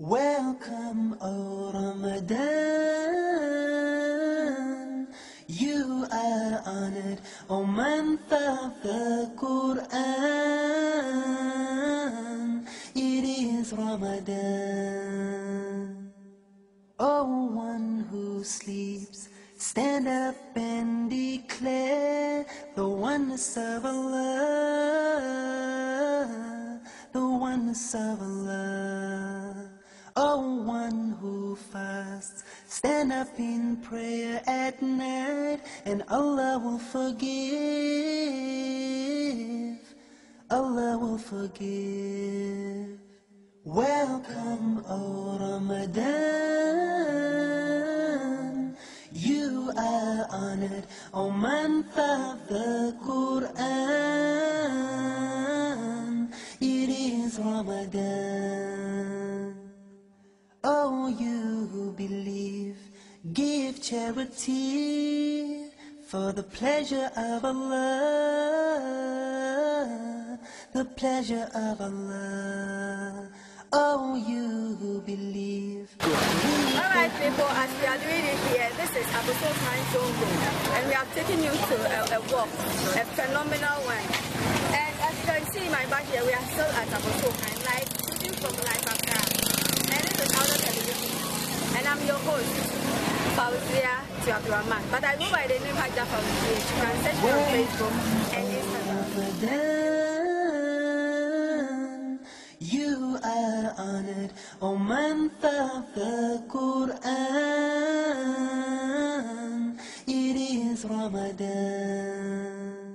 Welcome, O Ramadan. You are honored, O month of the Quran. It is Ramadan. O one who sleeps, stand up and declare the oneness of Allah, the oneness of Allah. Oh, one who fasts, stand up in prayer at night, and Allah will forgive. Allah will forgive. Welcome, O Ramadan. You are honored, O month of the Quran. It is Ramadan. Oh, you believe, give charity for the pleasure of Allah, the pleasure of Allah. Oh, you believe. Alright, people, as we are doing it here, this is Abu Time Zone and we are taking you to a, a walk, a phenomenal one. And as you can see in my back here, we are still at Abu Time, like shooting from life after. to Abdurrahman. But I by the name You can search me on Facebook and Instagram. You are honored, O man of the Quran. It is Ramadan.